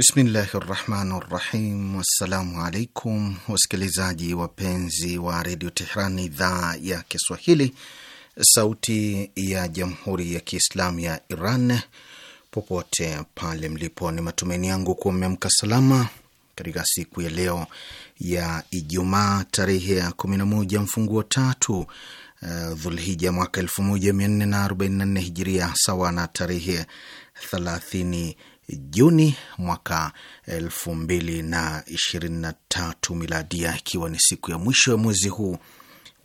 Bismillahi rahmani rahim. Wassalamu alaikum wasikilizaji wapenzi wa redio Tehran, idhaa ya Kiswahili, sauti ya jamhuri ya kiislamu ya Iran, popote pale mlipo, ni matumaini yangu kuwa mmeamka salama katika siku ya leo ya Ijumaa tarehe ya kumi na moja mfunguo tatu uh, mwaka elfu moja mia nne na arobaini na nne hijiria sawa na tarehe thelathini Juni mwaka elfu mbili na ishirini na tatu miladia, ikiwa ni siku ya mwisho ya mwezi huu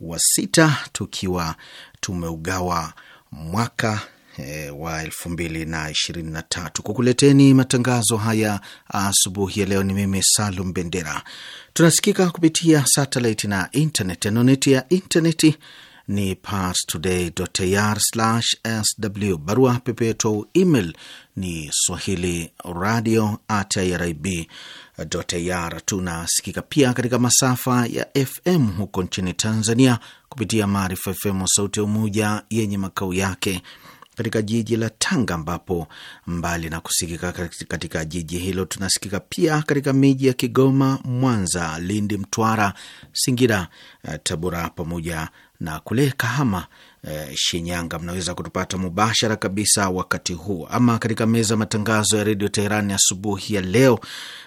wa sita, tukiwa tumeugawa mwaka E, wa elfu mbili na ishirini na tatu. Kukuleteni matangazo haya asubuhi ya leo ni mimi Salum Bendera. Tunasikika kupitia satelit na internet. Anoneti ya intaneti ni parstoday.ir/sw. Barua pepe yetu email ni swahili radio at irib Tunasikika pia katika masafa ya FM huko nchini Tanzania kupitia Maarifa FM Sauti ya Umoja yenye makao yake katika jiji la Tanga ambapo mbali na kusikika katika jiji hilo tunasikika pia katika miji ya Kigoma, Mwanza, Lindi, Mtwara, Singida, eh, Tabora pamoja na kule Kahama, eh, Shinyanga. Mnaweza kutupata mubashara kabisa wakati huu ama katika meza ya matangazo ya redio Teherani asubuhi ya leo.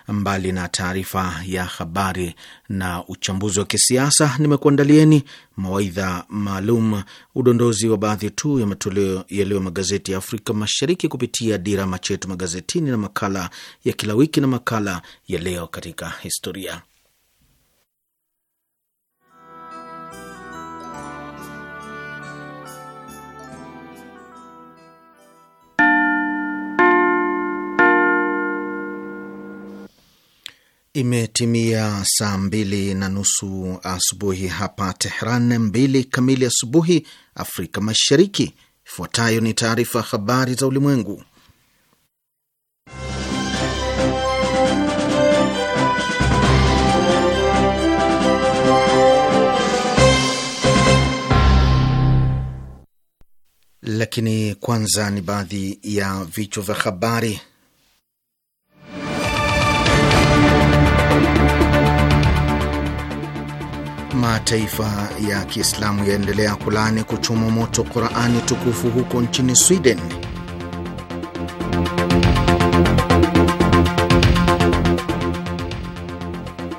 Mbali na taarifa ya habari na uchambuzi wa kisiasa, nimekuandalieni mawaidha maalum, udondozi wa baadhi tu ya matoleo yaliyo magazeti ya Afrika Mashariki kupitia Dira Machetu Magazetini, na makala ya kila wiki na makala ya Leo katika Historia. Imetimia saa mbili na nusu asubuhi hapa Tehran, mbili kamili asubuhi Afrika Mashariki. Ifuatayo ni taarifa habari za ulimwengu, lakini kwanza ni baadhi ya vichwa vya habari. Mataifa ya Kiislamu yaendelea kulaani kuchoma moto Qurani tukufu huko nchini Sweden.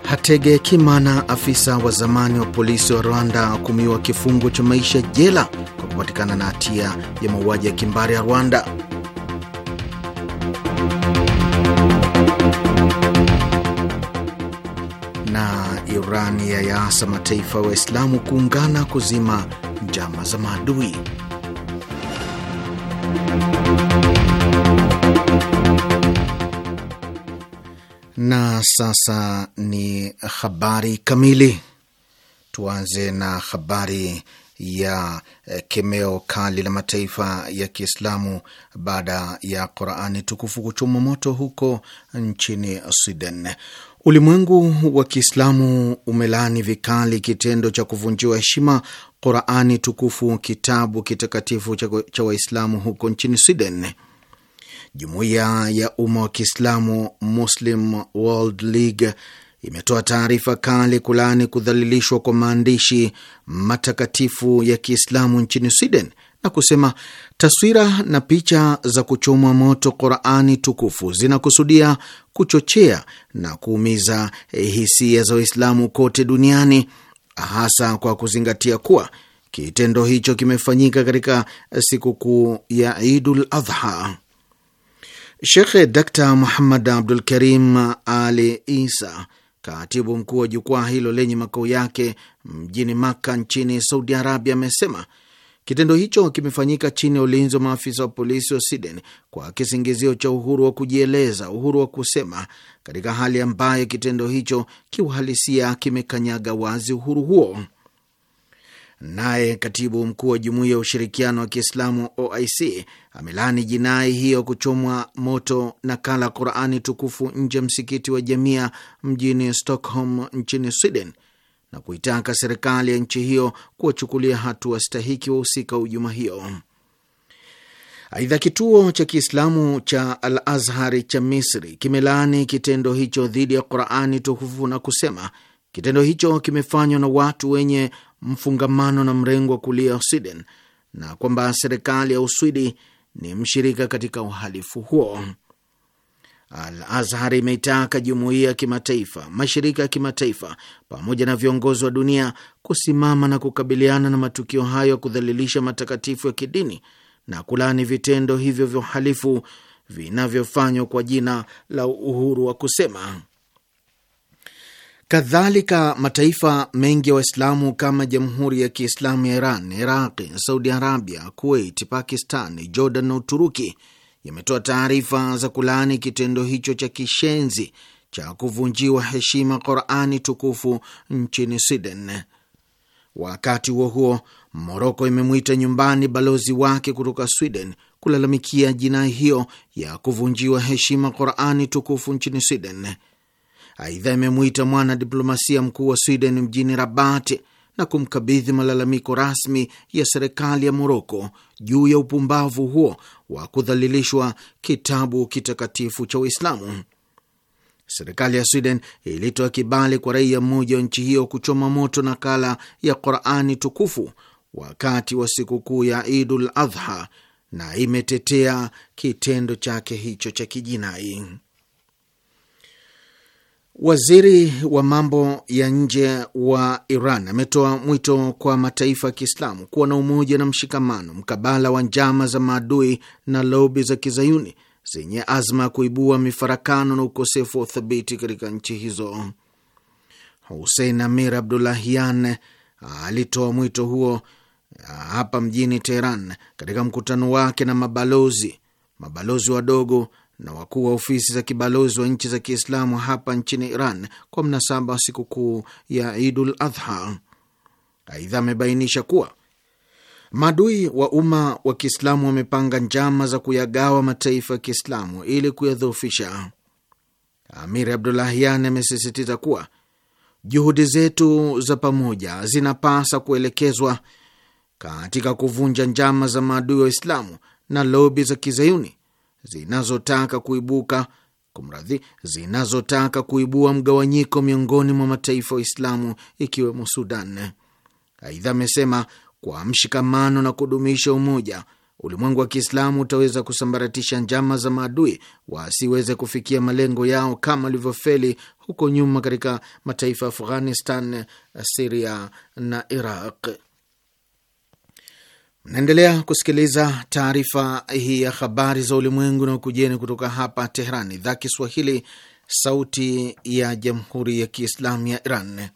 Hatege Kimana, afisa wa zamani wa polisi wa Rwanda, hukumiwa kifungo cha maisha jela kwa kupatikana na hatia ya mauaji ya kimbari ya Rwanda. Iran yayaasa mataifa Waislamu kuungana kuzima njama za maadui. Na sasa ni habari kamili. Tuanze na habari ya kemeo kali la mataifa ya Kiislamu baada ya Qurani tukufu kuchomwa moto huko nchini Sweden. Ulimwengu wa Kiislamu umelaani vikali kitendo cha kuvunjiwa heshima Qurani tukufu, kitabu kitakatifu cha Waislamu huko nchini Sweden. Jumuiya ya umma wa Kiislamu, Muslim World League, imetoa taarifa kali kulaani kudhalilishwa kwa maandishi matakatifu ya Kiislamu nchini Sweden na kusema taswira na picha za kuchomwa moto Qurani tukufu zinakusudia kuchochea na kuumiza eh, hisia za Waislamu kote duniani, hasa kwa kuzingatia kuwa kitendo hicho kimefanyika katika sikukuu ya Idul Adha. Shekhe Dr Muhammad Abdul Karim Ali Isa, katibu mkuu wa jukwaa hilo lenye makao yake mjini Makka nchini Saudi Arabia, amesema Kitendo hicho kimefanyika chini ya ulinzi wa maafisa wa polisi wa Sweden kwa kisingizio cha uhuru wa kujieleza, uhuru wa kusema, katika hali ambayo kitendo hicho kiuhalisia kimekanyaga wazi uhuru huo. Naye katibu mkuu wa jumuiya ya ushirikiano wa Kiislamu OIC amelani jinai hiyo kuchomwa moto nakala Qurani tukufu nje ya msikiti wa Jamia mjini Stockholm nchini Sweden na kuitaka serikali ya nchi hiyo kuwachukulia hatua stahiki wahusika wa hujuma hiyo. Aidha, kituo cha Kiislamu cha Al Azhari cha Misri kimelaani kitendo hicho dhidi ya Qurani tukufu na kusema kitendo hicho kimefanywa na watu wenye mfungamano na mrengo wa kulia Sweden na kwamba serikali ya Uswidi ni mshirika katika uhalifu huo. Al Azhar imeitaka jumuiya ya kimataifa, mashirika ya kimataifa pamoja na viongozi wa dunia kusimama na kukabiliana na matukio hayo ya kudhalilisha matakatifu ya kidini na kulaani vitendo hivyo vya uhalifu vinavyofanywa kwa jina la uhuru wa kusema. Kadhalika, mataifa mengi ya wa Waislamu kama Jamhuri ya Kiislamu ya Iran, Iraqi, Saudi Arabia, Kuwait, Pakistan, Jordan na Uturuki yametoa taarifa za kulaani kitendo hicho cha kishenzi cha kuvunjiwa heshima Qurani tukufu nchini Sweden. Wakati huo huo, Moroko imemwita nyumbani balozi wake kutoka Sweden kulalamikia jinai hiyo ya kuvunjiwa heshima Qurani tukufu nchini Sweden. Aidha, imemwita mwana diplomasia mkuu wa Sweden mjini Rabati na kumkabidhi malalamiko rasmi ya serikali ya Moroko juu ya upumbavu huo wa kudhalilishwa kitabu kitakatifu cha Uislamu. Serikali ya Sweden ilitoa kibali kwa raia mmoja wa nchi hiyo kuchoma moto nakala ya Qurani tukufu wakati wa sikukuu ya Idul Adha na imetetea kitendo chake hicho cha kijinai. Waziri wa mambo ya nje wa Iran ametoa mwito kwa mataifa ya Kiislamu kuwa na umoja na mshikamano mkabala wa njama za maadui na lobi za kizayuni zenye azma ya kuibua mifarakano na ukosefu wa uthabiti katika nchi hizo. Husein Amir Abdulahian alitoa mwito huo hapa mjini Teheran katika mkutano wake na mabalozi mabalozi wadogo na wakuu wa ofisi za kibalozi wa nchi za Kiislamu hapa nchini Iran kwa mnasaba wa sikukuu ya Idul Adha. Aidha, amebainisha kuwa maadui wa umma wa Kiislamu wamepanga njama za kuyagawa mataifa ya Kiislamu ili kuyadhoofisha. Amir Abdulahian amesisitiza kuwa juhudi zetu za pamoja zinapasa kuelekezwa katika kuvunja njama za maadui wa Islamu na lobi za kizayuni zinazotaka kuibuka kumradhi, zinazotaka kuibua mgawanyiko miongoni mwa mataifa Waislamu ikiwemo Sudan. Aidha amesema kwa mshikamano na kudumisha umoja, ulimwengu wa Kiislamu utaweza kusambaratisha njama za maadui wasiweze kufikia malengo yao kama alivyofeli huko nyuma katika mataifa ya Afghanistan, Siria na Iraq. Mnaendelea kusikiliza taarifa hii ya habari za ulimwengu na ukujeni kutoka hapa teheran idhaa Kiswahili, sauti ya jamhuri ya kiislamu ya Iran.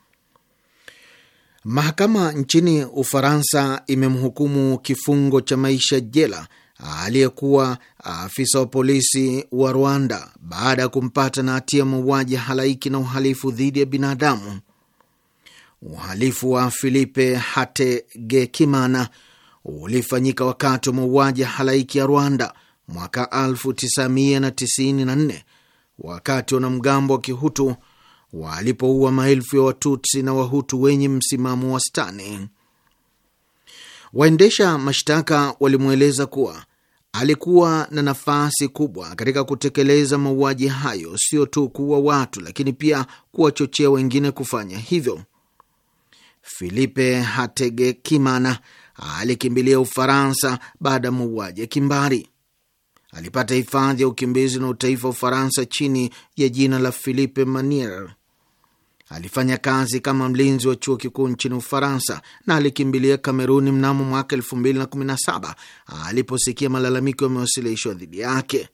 Mahakama nchini Ufaransa imemhukumu kifungo cha maisha jela aliyekuwa afisa wa polisi wa Rwanda baada ya kumpata na hatia mauaji halaiki na uhalifu dhidi ya binadamu. Uhalifu wa Philippe Hategekimana ulifanyika wakati wa mauaji ya halaiki ya Rwanda mwaka 1994 wakati wanamgambo wa Kihutu walipoua maelfu ya Watutsi na Wahutu wenye msimamo wastani. Waendesha mashtaka walimweleza kuwa alikuwa na nafasi kubwa katika kutekeleza mauaji hayo, sio tu kuua watu, lakini pia kuwachochea wengine kufanya hivyo. Filipe Hategekimana alikimbilia Ufaransa baada ya mauaji ya kimbari. Alipata hifadhi ya ukimbizi na utaifa wa Ufaransa chini ya jina la Philippe Manier. Alifanya kazi kama mlinzi wa chuo kikuu nchini Ufaransa na alikimbilia Kameruni mnamo mwaka saba aliposikia malalamiko yamewasilishwa dhidi yake.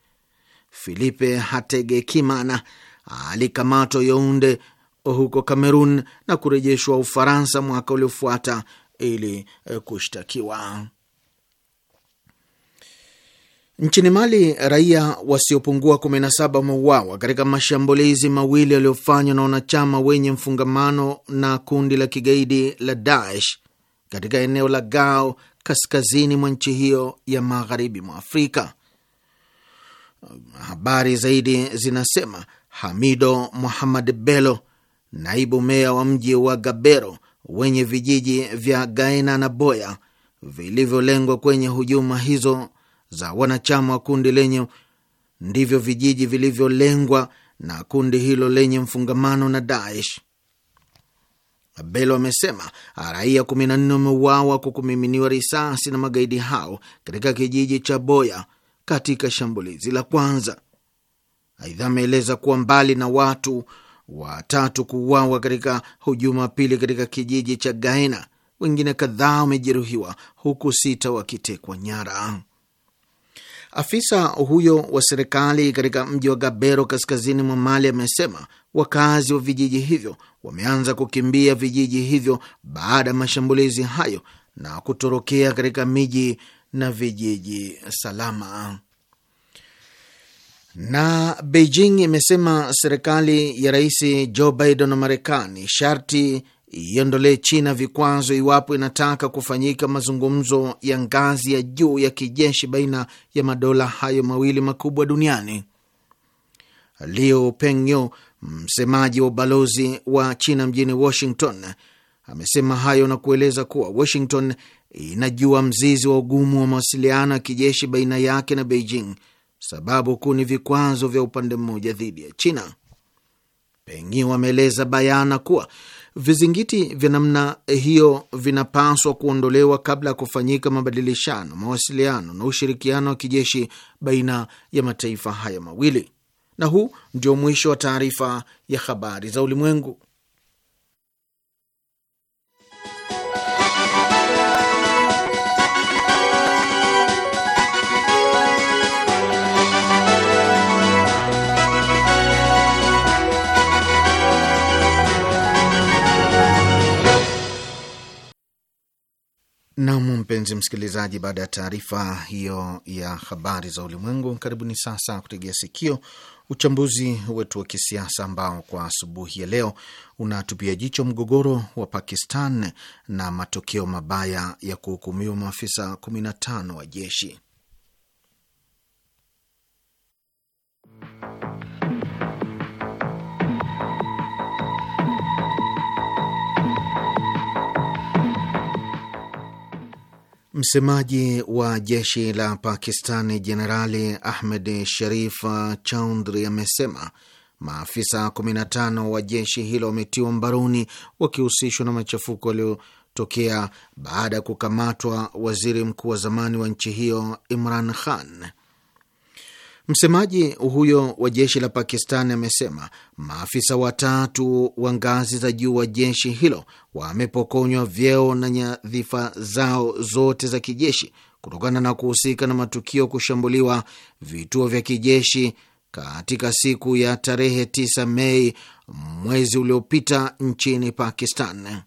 Philippe Hategekimana alikamatwa Yaunde huko Kamerun na kurejeshwa Ufaransa mwaka uliofuata ili eh, kushtakiwa. Nchini Mali, raia wasiopungua 17 wameuawa katika mashambulizi mawili yaliyofanywa na wanachama wenye mfungamano na kundi la kigaidi la Daesh katika eneo la Gao, kaskazini mwa nchi hiyo ya magharibi mwa Afrika. Habari zaidi zinasema Hamido Muhammad Bello, naibu meya wa mji wa Gabero, wenye vijiji vya Gaena na Boya vilivyolengwa kwenye hujuma hizo za wanachama wa kundi lenye ndivyo vijiji vilivyolengwa na kundi hilo lenye mfungamano na Daesh. Belo amesema raia 14 wameuawa kwa kumiminiwa risasi na magaidi hao katika kijiji cha Boya katika shambulizi la kwanza. Aidha, ameeleza kuwa mbali na watu watatu kuuawa katika hujuma pili katika kijiji cha gaina Wengine kadhaa wamejeruhiwa huku sita wakitekwa nyara. Afisa huyo wa serikali katika mji wa Gabero kaskazini mwa Mali amesema wakazi wa vijiji hivyo wameanza kukimbia vijiji hivyo baada ya mashambulizi hayo na kutorokea katika miji na vijiji salama. Na Beijing imesema serikali ya rais Joe Biden wa Marekani sharti iondolee China vikwazo iwapo inataka kufanyika mazungumzo ya ngazi ya juu ya kijeshi baina ya madola hayo mawili makubwa duniani. Liu Pengyo, msemaji wa ubalozi wa China mjini Washington, amesema hayo na kueleza kuwa Washington inajua mzizi wa ugumu wa mawasiliano ya kijeshi baina yake na Beijing Sababu kuu ni vikwazo vya upande mmoja dhidi ya China. Pengine wameeleza bayana kuwa vizingiti vya namna hiyo vinapaswa kuondolewa kabla ya kufanyika mabadilishano, mawasiliano na ushirikiano wa kijeshi baina ya mataifa haya mawili. Na huu ndio mwisho wa taarifa ya habari za ulimwengu. mpenzi msikilizaji, baada ya taarifa hiyo ya habari za ulimwengu, karibuni sasa kutegea sikio uchambuzi wetu wa kisiasa ambao kwa asubuhi ya leo unatupia jicho mgogoro wa Pakistan na matokeo mabaya ya kuhukumiwa maafisa 15 wa jeshi Msemaji wa jeshi la Pakistani Jenerali Ahmed Sharif chaundri amesema maafisa 15 wa jeshi hilo wametiwa mbaroni wakihusishwa na machafuko yaliyotokea baada ya kukamatwa waziri mkuu wa zamani wa nchi hiyo Imran Khan. Msemaji huyo wa jeshi la Pakistani amesema maafisa watatu wa ngazi za juu wa jeshi hilo wamepokonywa vyeo na nyadhifa zao zote za kijeshi kutokana na kuhusika na matukio kushambuliwa vituo vya kijeshi katika siku ya tarehe 9 Mei mwezi uliopita nchini Pakistan.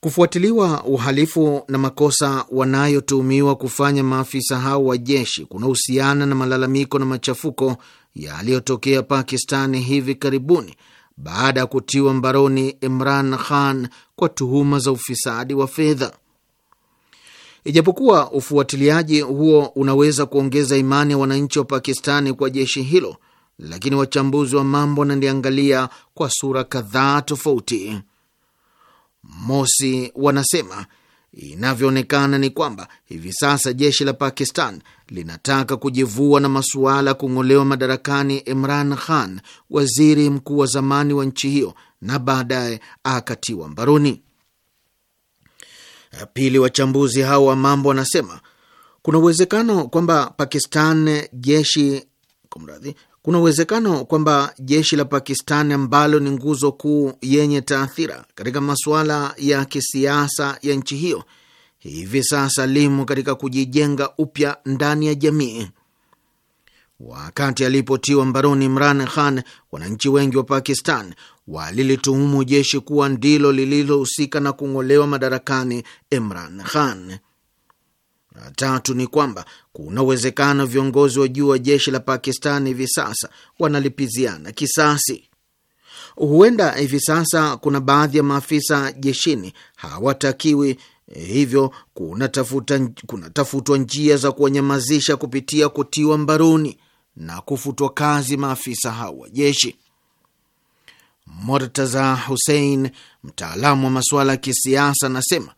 Kufuatiliwa uhalifu na makosa wanayotuhumiwa kufanya maafisa hao wa jeshi kunahusiana na malalamiko na machafuko yaliyotokea Pakistani hivi karibuni baada ya kutiwa mbaroni Imran Khan kwa tuhuma za ufisadi wa fedha. Ijapokuwa ufuatiliaji huo unaweza kuongeza imani ya wananchi wa Pakistani kwa jeshi hilo, lakini wachambuzi wa mambo wanaliangalia kwa sura kadhaa tofauti. Mosi wanasema inavyoonekana ni kwamba hivi sasa jeshi la Pakistan linataka kujivua na masuala ya kung'olewa madarakani Imran Khan, waziri mkuu wa zamani wa nchi hiyo, na baadaye akatiwa mbaroni. Pili, wachambuzi hao wa mambo wanasema kuna uwezekano kwamba Pakistan jeshi kumradhi, kuna uwezekano kwamba jeshi la Pakistani ambalo ni nguzo kuu yenye taathira katika masuala ya kisiasa ya nchi hiyo hivi sasa limo katika kujijenga upya ndani ya jamii. Wakati alipotiwa mbaroni Imran Khan, wananchi wengi wa Pakistan walilituhumu jeshi kuwa ndilo lililohusika na kung'olewa madarakani Imran Khan. Na tatu ni kwamba kuna uwezekano viongozi wa juu wa jeshi la Pakistan hivi sasa wanalipiziana kisasi. Huenda hivi sasa kuna baadhi ya maafisa jeshini hawatakiwi, eh, hivyo kunatafutwa njia za kuwanyamazisha kupitia kutiwa mbaroni na kufutwa kazi maafisa hao wa jeshi. Mortaza Hussein, mtaalamu wa masuala ya kisiasa, anasema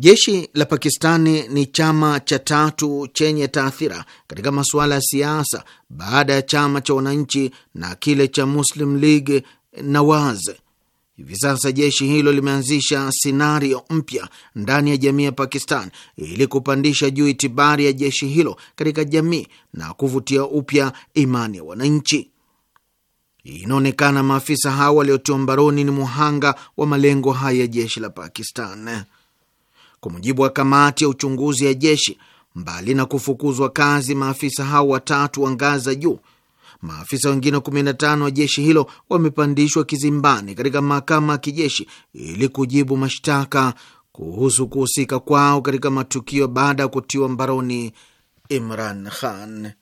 Jeshi la Pakistani ni chama cha tatu chenye taathira katika masuala ya siasa baada ya chama cha wananchi na kile cha Muslim League Nawaz. Hivi sasa jeshi hilo limeanzisha sinario mpya ndani ya jamii ya Pakistan ili kupandisha juu itibari ya jeshi hilo katika jamii na kuvutia upya imani ya wananchi. Inaonekana maafisa hao waliotiwa mbaroni ni muhanga wa malengo haya ya jeshi la Pakistan. Kwa mujibu wa kamati ya uchunguzi ya jeshi, mbali na kufukuzwa kazi maafisa hao watatu wa ngazi za juu, maafisa wengine 15 wa jeshi hilo wamepandishwa kizimbani katika mahakama ya kijeshi ili kujibu mashtaka kuhusu kuhusika kwao katika matukio baada ya kutiwa mbaroni Imran Khan.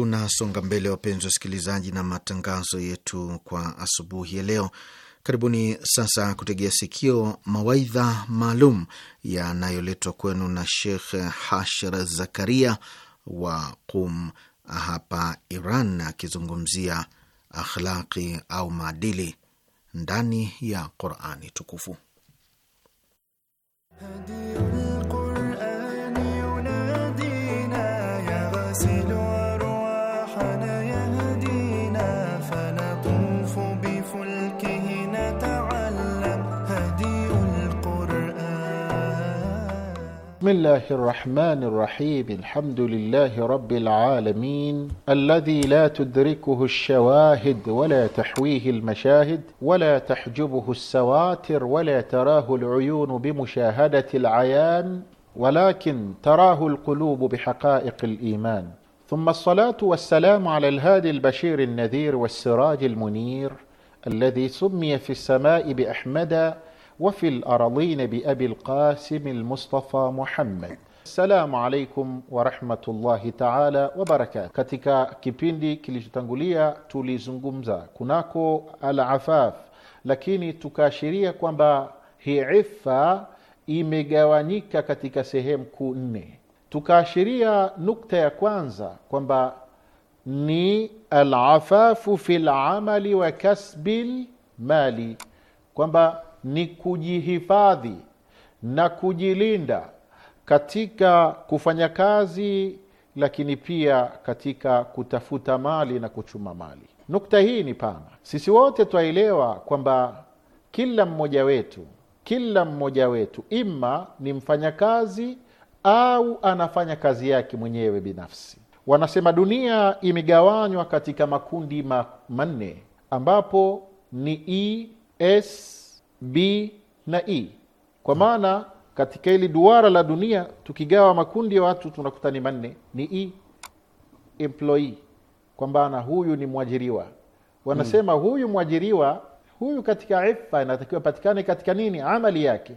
Tunasonga mbele wapenzi wasikilizaji, na matangazo yetu kwa asubuhi ya leo. Karibuni sasa kutegea sikio mawaidha maalum yanayoletwa kwenu na Shekh Hashir Zakaria wa Qum hapa Iran, akizungumzia akhlaqi au maadili ndani ya Qurani tukufu بسم الله الرحمن الرحيم الحمد لله رب العالمين الذي لا تدركه الشواهد ولا تحويه المشاهد ولا تحجبه السواتر ولا تراه العيون بمشاهده العيان ولكن تراه القلوب بحقائق الايمان ثم الصلاه والسلام على الهادي البشير النذير والسراج المنير الذي سمي في السماء باحمد وفي الأراضين بأبي القاسم المصطفى محمد السلام عليكم ورحمة الله تعالى وبركاته كتك كيبيندي كليش تنقلية تولي زنقمزة كناكو العفاف لكن تكاشرية كوانبا هي عفة إيميغوانيكا كتك سهم كوني تكاشرية نكتة كوانزا كوانبا ني العفاف في العمل وكسب المال كوانبا ni kujihifadhi na kujilinda katika kufanya kazi, lakini pia katika kutafuta mali na kuchuma mali. Nukta hii ni pana, sisi wote twaelewa kwamba kila mmoja wetu kila mmoja wetu ima ni mfanyakazi au anafanya kazi yake mwenyewe binafsi. Wanasema dunia imegawanywa katika makundi manne ambapo ni ES, B na E, kwa maana katika hili duara la dunia tukigawa makundi ya watu tunakuta ni manne, ni E employee, kwamba na huyu ni mwajiriwa. Wanasema hmm, huyu mwajiriwa huyu katika ifa inatakiwa patikane katika nini? Amali yake.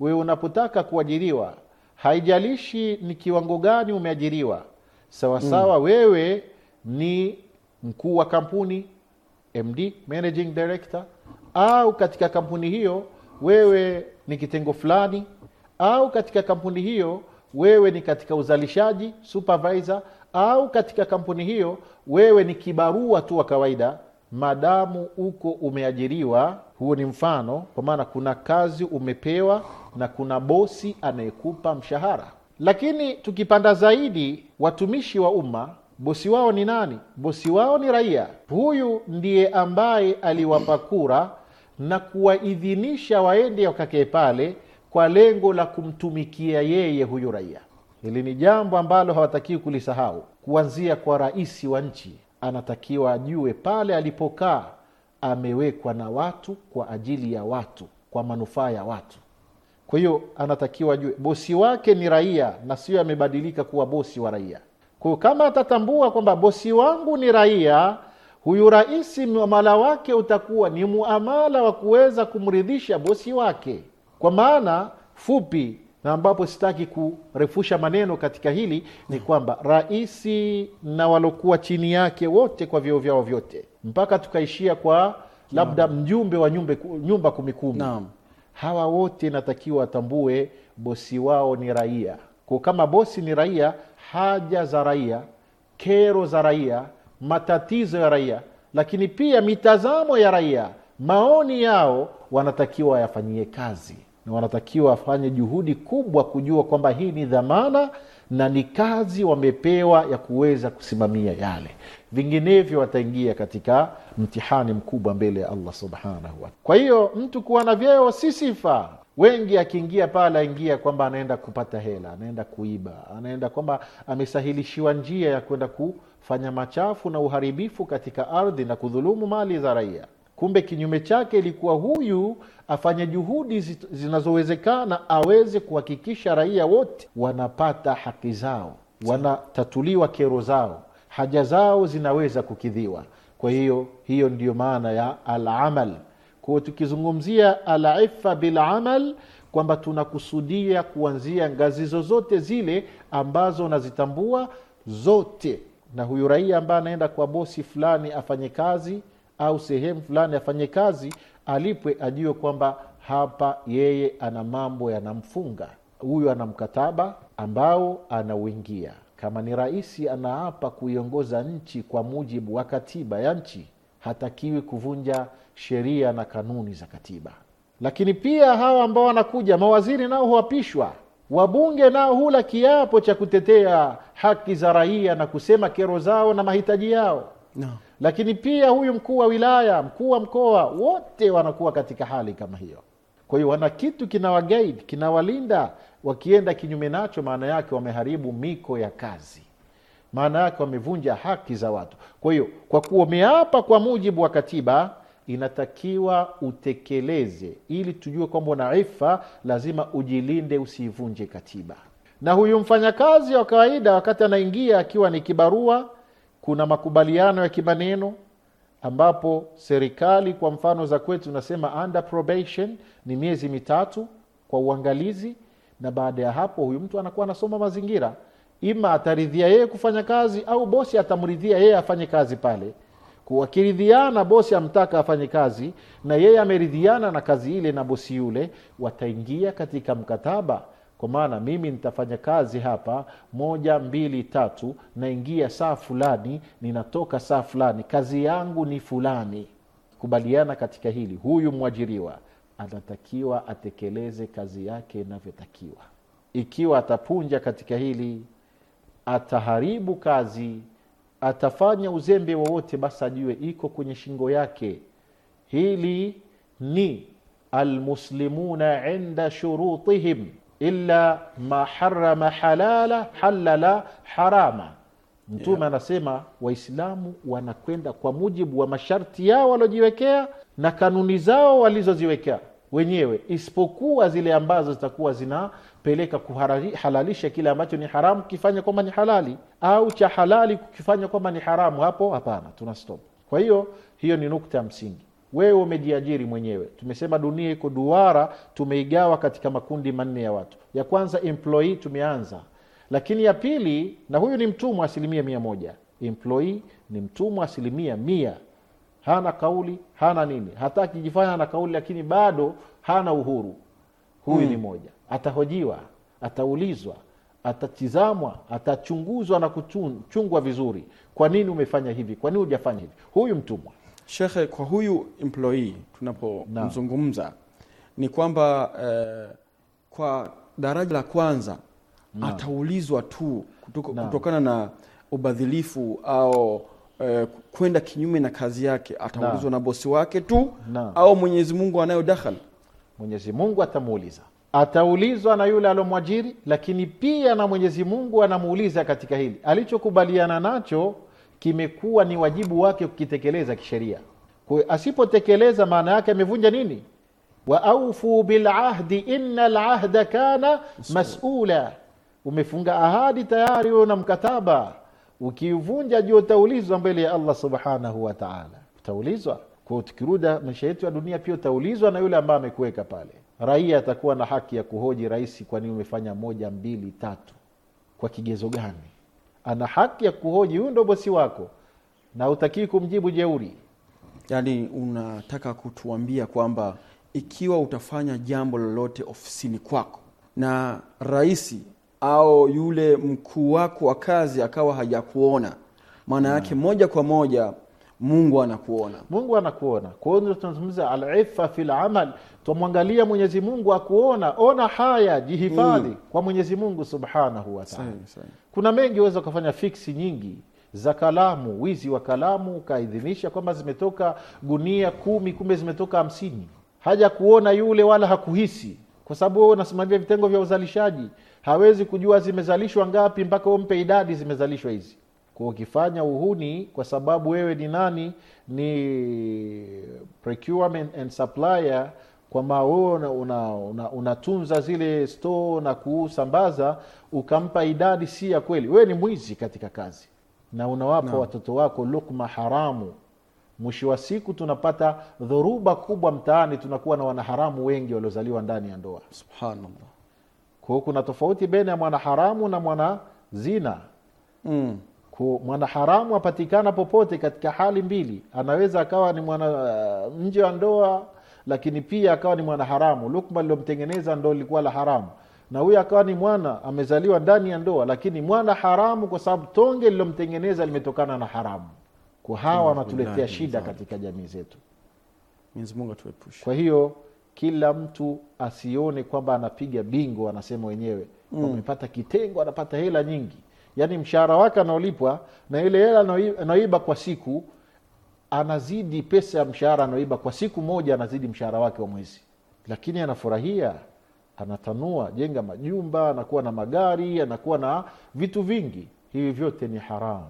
Wewe unapotaka kuajiriwa, haijalishi ni kiwango gani umeajiriwa, sawasawa hmm, wewe ni mkuu wa kampuni MD, managing director au katika kampuni hiyo wewe ni kitengo fulani, au katika kampuni hiyo wewe ni katika uzalishaji supervisor, au katika kampuni hiyo wewe ni kibarua tu wa kawaida, madamu uko umeajiriwa. Huo ni mfano, kwa maana kuna kazi umepewa na kuna bosi anayekupa mshahara. Lakini tukipanda zaidi, watumishi wa umma bosi wao ni nani? Bosi wao ni raia. Huyu ndiye ambaye aliwapa kura na kuwaidhinisha waende wakakee pale kwa lengo la kumtumikia yeye huyu raia. Hili ni jambo ambalo hawatakiwi kulisahau. Kuanzia kwa rais wa nchi, anatakiwa ajue pale alipokaa amewekwa na watu kwa ajili ya watu, kwa manufaa ya watu. Kwa hiyo anatakiwa ajue bosi wake ni raia na sio amebadilika kuwa bosi wa raia. Kwa hiyo kama atatambua kwamba bosi wangu ni raia huyu rahisi muamala wake utakuwa ni muamala wa kuweza kumridhisha bosi wake kwa maana fupi na ambapo sitaki kurefusha maneno katika hili ni kwamba raisi na walokuwa chini yake wote kwa vyeo vyao vyote mpaka tukaishia kwa labda mjumbe wa nyumbe, nyumba kumi Naam. hawa wote natakiwa watambue bosi wao ni raia kwa kama bosi ni raia haja za raia kero za raia matatizo ya raia, lakini pia mitazamo ya raia, maoni yao wanatakiwa yafanyie kazi na wanatakiwa wafanye juhudi kubwa kujua kwamba hii ni dhamana na ni kazi wamepewa ya kuweza kusimamia yale, vinginevyo wataingia katika mtihani mkubwa mbele ya Allah subhanahu wa. Kwa hiyo mtu kuwa na vyeo si sifa. Wengi akiingia pale aingia kwamba anaenda kupata hela, anaenda kuiba, anaenda kwamba amesahilishiwa njia ya kwenda ku fanya machafu na uharibifu katika ardhi na kudhulumu mali za raia. Kumbe kinyume chake ilikuwa huyu afanye juhudi zinazowezekana aweze kuhakikisha raia wote wanapata haki zao, wanatatuliwa kero zao, haja zao zinaweza kukidhiwa. Kwa hiyo hiyo ndiyo maana ya alamal. Kwa tukizungumzia alifa bilamal, kwamba tunakusudia kuanzia ngazi zozote zile ambazo nazitambua zote na huyu raia ambaye anaenda kwa bosi fulani afanye kazi au sehemu fulani afanye kazi alipwe ajue kwamba hapa yeye ana mambo yanamfunga huyu ana mkataba ambao anauingia kama ni rais anaapa kuiongoza nchi kwa mujibu wa katiba ya nchi hatakiwi kuvunja sheria na kanuni za katiba lakini pia hawa ambao wanakuja mawaziri nao huapishwa Wabunge nao hula kiapo cha kutetea haki za raia na kusema kero zao na mahitaji yao no. Lakini pia huyu mkuu wa wilaya, mkuu wa mkoa, wote wanakuwa katika hali kama hiyo. Kwa hiyo wana kitu kinawagaidi, kinawalinda. Wakienda kinyume nacho, maana yake wameharibu miko ya kazi, maana yake wamevunja haki za watu. Kwa hiyo, kwa kuwa umeapa kwa mujibu wa katiba inatakiwa utekeleze, ili tujue kwamba una ifa lazima ujilinde usiivunje katiba. Na huyu mfanyakazi wa kawaida, wakati anaingia akiwa ni kibarua, kuna makubaliano ya kimaneno ambapo serikali kwa mfano za kwetu unasema under probation ni miezi mitatu kwa uangalizi, na baada ya hapo huyu mtu anakuwa anasoma mazingira, ima ataridhia yeye kufanya kazi au bosi atamridhia yeye afanye kazi pale wakiridhiana, bosi amtaka afanye kazi na yeye ameridhiana na kazi ile na bosi yule, wataingia katika mkataba kwa maana mimi nitafanya kazi hapa moja mbili tatu, naingia saa fulani, ninatoka saa fulani, kazi yangu ni fulani. Kubaliana katika hili, huyu mwajiriwa anatakiwa atekeleze kazi yake inavyotakiwa. Ikiwa atapunja katika hili, ataharibu kazi atafanya uzembe wowote basi ajue iko kwenye shingo yake hili ni almuslimuna inda shurutihim illa ma harama halala halala harama mtume yeah. anasema waislamu wanakwenda kwa mujibu wa masharti yao waliojiwekea na kanuni zao walizoziwekea wenyewe isipokuwa zile ambazo zitakuwa zinapeleka kuhalalisha kile ambacho ni haramu kukifanya kwamba ni halali au cha halali kukifanya kwamba ni haramu hapo hapana tuna stop kwa hiyo hiyo ni nukta ya msingi wewe umejiajiri mwenyewe tumesema dunia iko duara tumeigawa katika makundi manne ya watu ya kwanza employee tumeanza lakini ya pili na huyu ni mtumwa asilimia mia moja employee ni mtumwa asilimia mia hana kauli hana nini hata akijifanya ana kauli lakini bado hana uhuru huyu hmm. ni moja atahojiwa ataulizwa atatizamwa atachunguzwa na kuchungwa vizuri kwa nini umefanya hivi kwa nini hujafanya hivi huyu mtumwa shekhe kwa huyu employee tunapomzungumza ni kwamba eh, kwa daraja la kwanza na. ataulizwa tu kutoka, kutokana na ubadhilifu au Eh, kwenda kinyume na kazi yake ataulizwa na, na bosi wake tu na, au mwenyezi mungu anayo dakhal mwenyezi mungu atamuuliza ataulizwa na yule alomwajiri lakini pia na mwenyezi mungu anamuuliza katika hili alichokubaliana nacho kimekuwa ni wajibu wake kukitekeleza kisheria asipotekeleza maana yake amevunja nini waaufuu bilahdi ina lahda kana masula umefunga ahadi tayari huyo na mkataba ukiivunja juu utaulizwa mbele ya allah subhanahu wataala utaulizwa kwa tukiruda maisha yetu ya dunia pia utaulizwa na yule ambaye amekuweka pale raia atakuwa na haki ya kuhoji rahisi kwa nini umefanya moja mbili tatu kwa kigezo gani ana haki ya kuhoji huyu ndo bosi wako na utakii kumjibu jeuri yaani unataka kutuambia kwamba ikiwa utafanya jambo lolote ofisini kwako na rahisi au yule mkuu wako wa kazi akawa hajakuona maana hmm. yake moja kwa moja mungu anakuona mungu anakuona kwa hiyo tunazungumza alifa fi lamal twamwangalia mwenyezimungu mungu akuona ona haya jihifadhi hmm. kwa mwenyezi mungu subhanahu wataala kuna mengi uweza ukafanya fiksi nyingi za kalamu wizi wa kalamu ukaidhinisha kwamba zimetoka gunia kumi kumbe zimetoka hamsini haja kuona yule wala hakuhisi kwa sababu wewe unasimamia vitengo vya uzalishaji hawezi kujua zimezalishwa ngapi mpaka umpe idadi zimezalishwa hizi kwa ukifanya uhuni kwa sababu wewe ni nani ni procurement and supplier kwamba wewe unatunza una, una, una zile store na kusambaza ukampa idadi si ya kweli wewe ni mwizi katika kazi na unawapa no. watoto wako lukma haramu mwisho wa siku tunapata dhoruba kubwa mtaani tunakuwa na wanaharamu wengi waliozaliwa ndani ya ndoa subhanallah kwao kuna tofauti baina ya mwanaharamu na mwana zina mm. mwanaharamu apatikana popote katika hali mbili anaweza akawa ni mwana uh, nje wa ndoa lakini pia akawa ni mwanaharamu lukma lilomtengeneza ndo lilikuwa la haramu na huyo akawa ni mwana amezaliwa ndani ya ndoa lakini mwana haramu kwa sababu tonge lilomtengeneza limetokana na haramu kwa hawa mm, wanatuletea shida katika jamii zetu mungu kwa hiyo kila mtu asione kwamba anapiga bingo anasema wenyewe mm. amepata kitengo anapata hela nyingi yaani mshahara wake anaolipwa na ile hela anaoiba kwa siku anazidi pesa ya mshahara anaoiba kwa siku moja anazidi mshahara wake wa mwezi lakini anafurahia anatanua jenga majumba anakuwa na magari anakuwa na vitu vingi hivi vyote ni haramu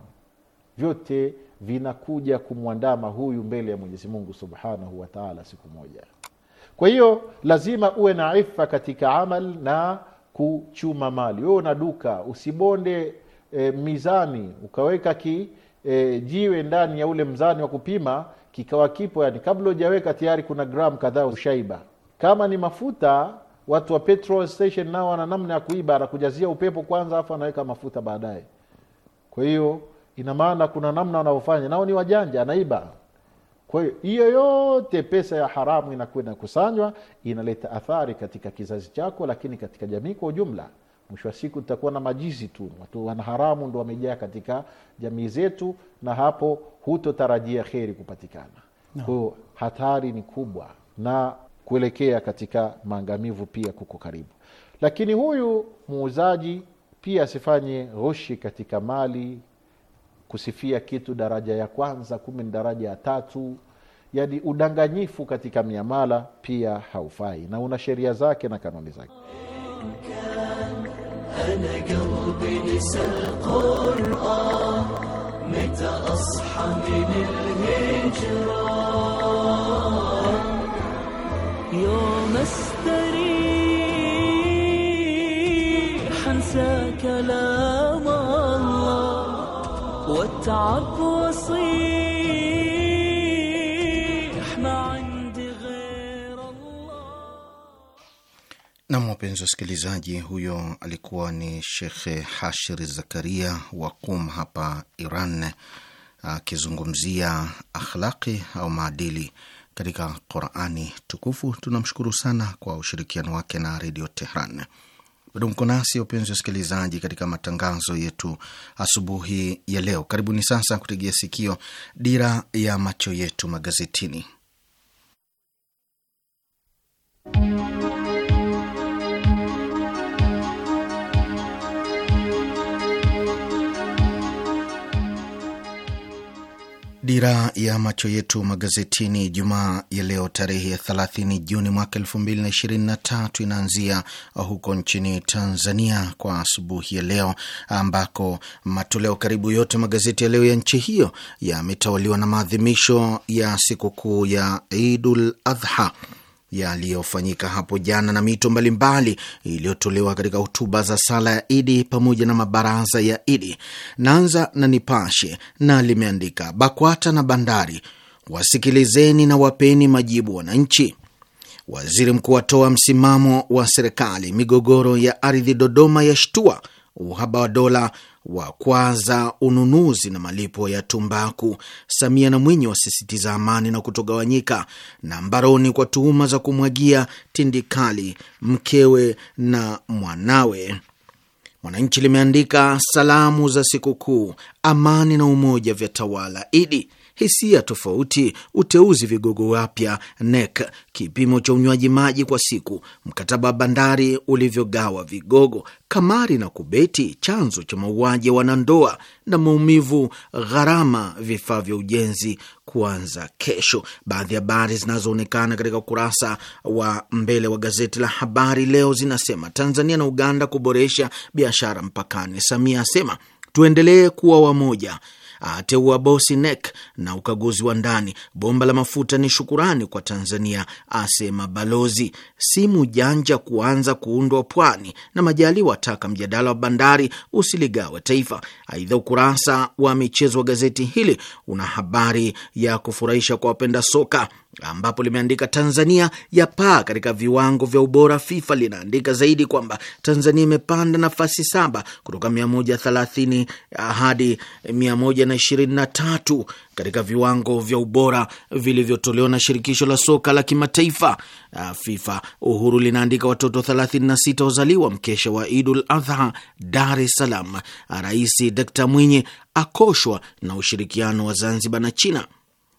vyote vinakuja kumwandama huyu mbele ya mwenyezi mungu subhanahu wataala siku moja kwa hiyo lazima uwe na ifa katika amal na kuchuma mali wewe una duka usibonde e, mizani ukaweka ki e, jiwe ndani ya ule mzani wa kupima kikawa kipo yani kabla hujaweka tayari kuna gram kadhaa ushaiba kama ni mafuta watu wa petrol station nao wana namna ya kuiba anakujazia upepo kwanza afu anaweka mafuta baadaye kwa hiyo ina maana kuna namna wanavyofanya, nao ni wajanja anaiba kwa hiyo hiyo yote pesa ya haramu inakwenda kusanywa, inaleta athari katika kizazi chako lakini katika jamii kwa ujumla mwisho wa siku tutakuwa na majizi tu watu haramu ndo wamejaa katika jamii zetu na hapo hutotarajia kheri kupatikana no. kwahiyo hatari ni kubwa na kuelekea katika maangamivu pia kuko karibu lakini huyu muuzaji pia asifanye ghushi katika mali kusifia kitu daraja ya kwanza kumbe ni daraja ya tatu yani udanganyifu katika miamala pia haufai na una sheria zake na kanuni zake يوم كلام Nam, wapenzi wasikilizaji, huyo alikuwa ni Shekhe Hashir Zakaria wa Qum hapa Iran akizungumzia akhlaqi au maadili katika Qurani Tukufu. Tunamshukuru sana kwa ushirikiano wake na Redio Tehran. Bado mko nasi wapenzi katika matangazo yetu asubuhi ya leo. Karibuni sasa kutegea sikio dira ya macho yetu magazetini. Dira ya macho yetu magazetini Jumaa ya leo tarehe ya 30 Juni mwaka 2023 inaanzia huko nchini Tanzania kwa asubuhi ya leo, ambako matoleo karibu yote magazeti ya leo ya nchi hiyo yametawaliwa na maadhimisho ya sikukuu ya Idul Adha yaliyofanyika hapo jana na mito mbalimbali iliyotolewa katika hotuba za sala ya Idi pamoja na mabaraza ya Idi. Naanza na Nipashe na limeandika BAKWATA na bandari wasikilizeni na wapeni majibu wananchi. Waziri mkuu atoa msimamo wa serikali. Migogoro ya ardhi Dodoma yashtua uhaba wa dola wa kwaza ununuzi na malipo ya tumbaku. Samia na Mwinyi wasisitiza amani na kutogawanyika, na mbaroni kwa tuhuma za kumwagia tindikali mkewe na mwanawe. Mwananchi limeandika salamu za sikukuu, amani na umoja vya tawala idi hisia tofauti, uteuzi vigogo wapya, NEC, kipimo cha unywaji maji kwa siku, mkataba wa bandari ulivyogawa vigogo, kamari na kubeti, chanzo cha mauaji wanandoa na maumivu, gharama vifaa vya ujenzi kuanza kesho. Baadhi ya habari zinazoonekana katika ukurasa wa mbele wa gazeti la Habari Leo zinasema Tanzania na Uganda kuboresha biashara mpakani. Samia asema tuendelee kuwa wamoja ateua bosi NEC na ukaguzi wa ndani. Bomba la mafuta ni shukurani kwa Tanzania, asema balozi. Simu janja kuanza kuundwa Pwani, na majali wataka mjadala wa bandari usiligawe taifa. Aidha, ukurasa wa michezo wa gazeti hili una habari ya kufurahisha kwa wapenda soka ambapo limeandika Tanzania ya paa katika viwango vya ubora. FIFA linaandika zaidi kwamba Tanzania imepanda nafasi saba kutoka 130 ah, hadi 123 katika viwango vya ubora vilivyotolewa na shirikisho la soka la kimataifa ah, FIFA. Uhuru linaandika watoto 36 wazaliwa mkesha wa Idul Adha Dar es Salaam. Ah, Rais Dkt Mwinyi akoshwa na ushirikiano wa Zanzibar na China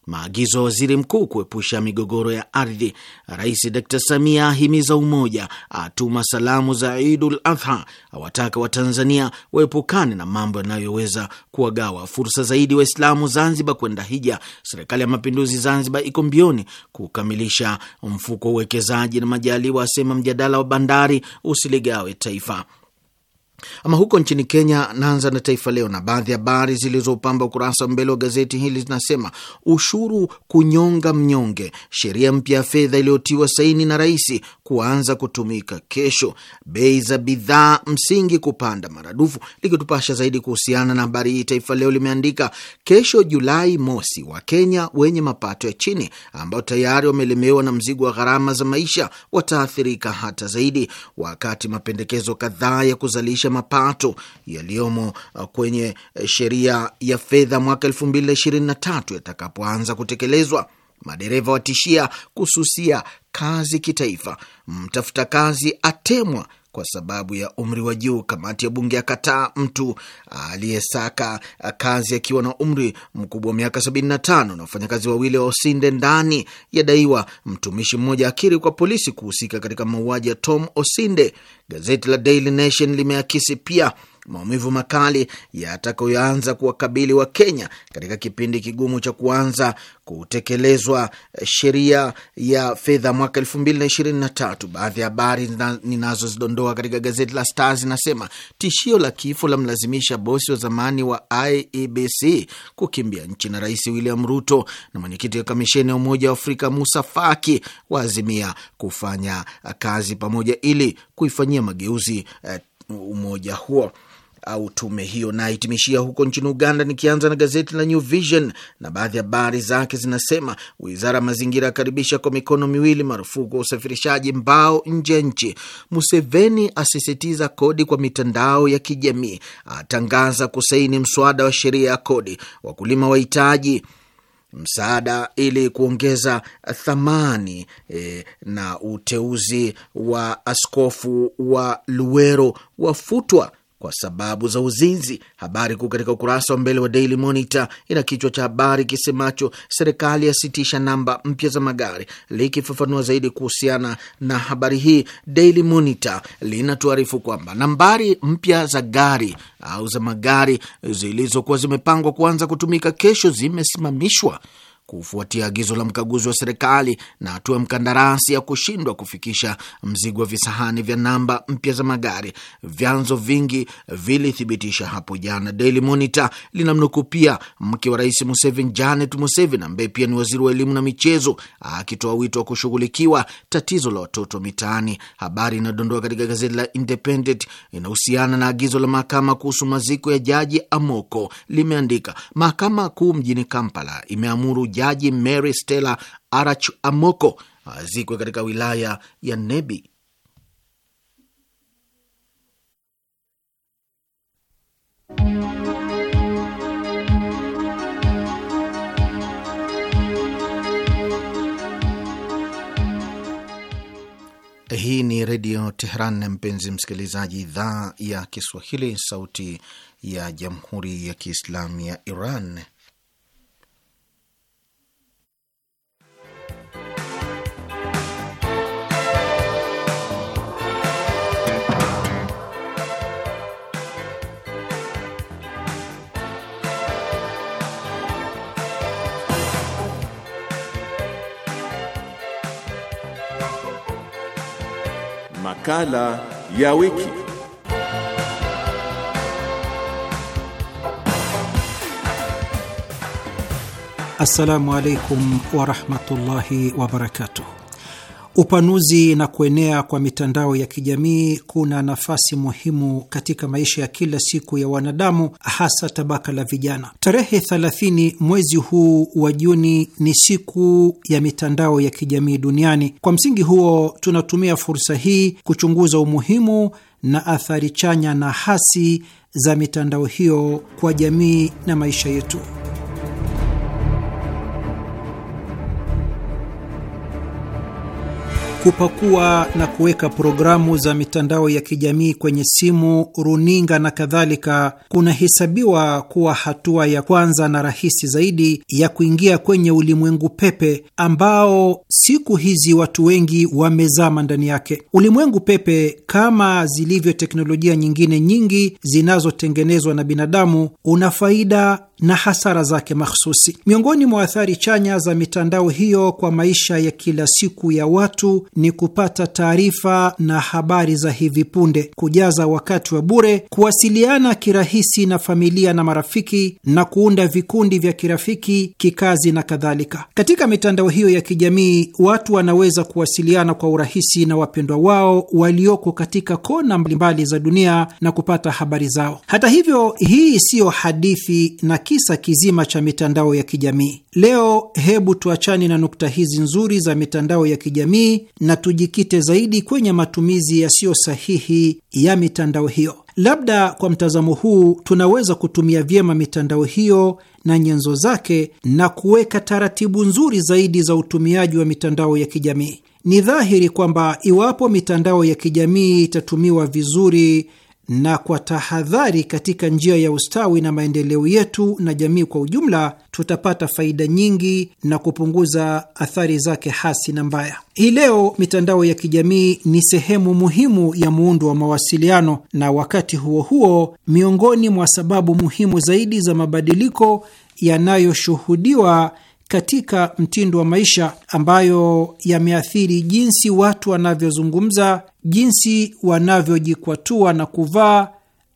maagizo ya waziri mkuu kuepusha migogoro ya ardhi. Rais d Samia ahimiza umoja, atuma salamu za Idul Adha, awataka Watanzania waepukane na mambo yanayoweza kuwagawa. Fursa zaidi Waislamu Zanzibar kwenda hija. Serikali ya Mapinduzi Zanzibar iko mbioni kukamilisha mfuko wa uwekezaji na Majaliwa asema mjadala wa bandari usiligawe taifa. Ama huko nchini Kenya, naanza na Taifa Leo na baadhi ya habari zilizopamba ukurasa wa mbele wa gazeti hili zinasema: ushuru kunyonga mnyonge, sheria mpya ya fedha iliyotiwa saini na rais kuanza kutumika kesho, bei za bidhaa msingi kupanda maradufu. Likitupasha zaidi kuhusiana na habari hii, Taifa Leo limeandika kesho Julai mosi, Wakenya wenye mapato ya chini ambao tayari wamelemewa na mzigo wa gharama za maisha wataathirika hata zaidi, wakati mapendekezo kadhaa ya kuzalisha mapato yaliyomo uh, kwenye uh, sheria ya fedha mwaka 2023 yatakapoanza kutekelezwa. Madereva watishia kususia kazi kitaifa. Mtafuta kazi atemwa kwa sababu ya umri wa juu. Kamati ya bunge yakataa mtu aliyesaka kazi akiwa na umri mkubwa wa miaka 75 na wafanyakazi wawili wa Osinde ndani ya daiwa mtumishi mmoja akiri kwa polisi kuhusika katika mauaji ya Tom Osinde. Gazeti la Daily Nation limeakisi pia maumivu makali yatakayoanza kuwakabili wa kenya katika kipindi kigumu cha kuanza kutekelezwa sheria ya fedha mwaka elfu mbili na ishirini na tatu. Baadhi ya habari ninazozidondoa katika gazeti la Star zinasema tishio la kifo la mlazimisha bosi wa zamani wa IEBC kukimbia nchi na Rais William Ruto na mwenyekiti wa kamisheni ya Umoja wa Afrika Musa Faki waazimia kufanya kazi pamoja ili kuifanyia mageuzi eh, umoja huo au tume hiyo. Na huko nchini Uganda, nikianza na gazeti la New Vision na baadhi ya habari zake zinasema: wizara ya mazingira akaribisha kwa mikono miwili marufuku wa usafirishaji mbao nje ya nchi. Museveni asisitiza kodi kwa mitandao ya kijamii, atangaza kusaini mswada wa sheria ya kodi. Wakulima wahitaji msaada ili kuongeza thamani e, na uteuzi wa askofu wa Luwero wafutwa kwa sababu za uzinzi. Habari kuu katika ukurasa wa mbele wa Daily Monitor ina kichwa cha habari kisemacho serikali yasitisha namba mpya za magari. Likifafanua zaidi kuhusiana na habari hii, Daily Monitor linatuarifu kwamba nambari mpya za gari au za magari zilizokuwa zimepangwa kuanza kutumika kesho zimesimamishwa kufuatia agizo la mkaguzi wa serikali na hatua mkandarasi ya kushindwa kufikisha mzigo wa visahani vya namba mpya za magari. Vyanzo vingi vilithibitisha hapo jana. Daily Monitor linamnukuu pia mke wa rais Museveni, Janet Museveni, ambaye pia ni waziri wa elimu na michezo, akitoa wito wa kushughulikiwa tatizo la watoto mitaani. Habari inayodondoka katika gazeti la Independent inahusiana na agizo la mahakama kuhusu maziko ya jaji Amoko. Limeandika mahakama kuu mjini Kampala imeamuru Jaji Mary Stella Arach Amoko azikwe uh, katika wilaya ya Nebi. Hii ni Redio Teheran, mpenzi msikilizaji, idhaa ya Kiswahili, sauti ya Jamhuri ya Kiislamu ya Iran. makala ya wiki. Assalamu alaikum warahmatullahi wabarakatuh. Upanuzi na kuenea kwa mitandao ya kijamii kuna nafasi muhimu katika maisha ya kila siku ya wanadamu, hasa tabaka la vijana. Tarehe 30 mwezi huu wa Juni ni siku ya mitandao ya kijamii duniani. Kwa msingi huo, tunatumia fursa hii kuchunguza umuhimu na athari chanya na hasi za mitandao hiyo kwa jamii na maisha yetu. kupakua na kuweka programu za mitandao ya kijamii kwenye simu, runinga na kadhalika kunahesabiwa kuwa hatua ya kwanza na rahisi zaidi ya kuingia kwenye ulimwengu pepe ambao siku hizi watu wengi wamezama ndani yake. Ulimwengu pepe, kama zilivyo teknolojia nyingine nyingi zinazotengenezwa na binadamu, una faida na hasara zake mahsusi. Miongoni mwa athari chanya za mitandao hiyo kwa maisha ya kila siku ya watu ni kupata taarifa na habari za hivi punde, kujaza wakati wa bure, kuwasiliana kirahisi na familia na marafiki, na kuunda vikundi vya kirafiki, kikazi na kadhalika. Katika mitandao hiyo ya kijamii, watu wanaweza kuwasiliana kwa urahisi na wapendwa wao walioko katika kona mbalimbali za dunia na kupata habari zao. Hata hivyo, hii siyo hadithi na kisa kizima cha mitandao ya kijamii. Leo hebu tuachane na nukta hizi nzuri za mitandao ya kijamii na tujikite zaidi kwenye matumizi yasiyo sahihi ya mitandao hiyo. Labda kwa mtazamo huu tunaweza kutumia vyema mitandao hiyo na nyenzo zake na kuweka taratibu nzuri zaidi za utumiaji wa mitandao ya kijamii. Ni dhahiri kwamba iwapo mitandao ya kijamii itatumiwa vizuri na kwa tahadhari katika njia ya ustawi na maendeleo yetu na jamii kwa ujumla, tutapata faida nyingi na kupunguza athari zake hasi na mbaya. Hii leo mitandao ya kijamii ni sehemu muhimu ya muundo wa mawasiliano, na wakati huo huo, miongoni mwa sababu muhimu zaidi za mabadiliko yanayoshuhudiwa katika mtindo wa maisha ambayo yameathiri jinsi watu wanavyozungumza, jinsi wanavyojikwatua na kuvaa,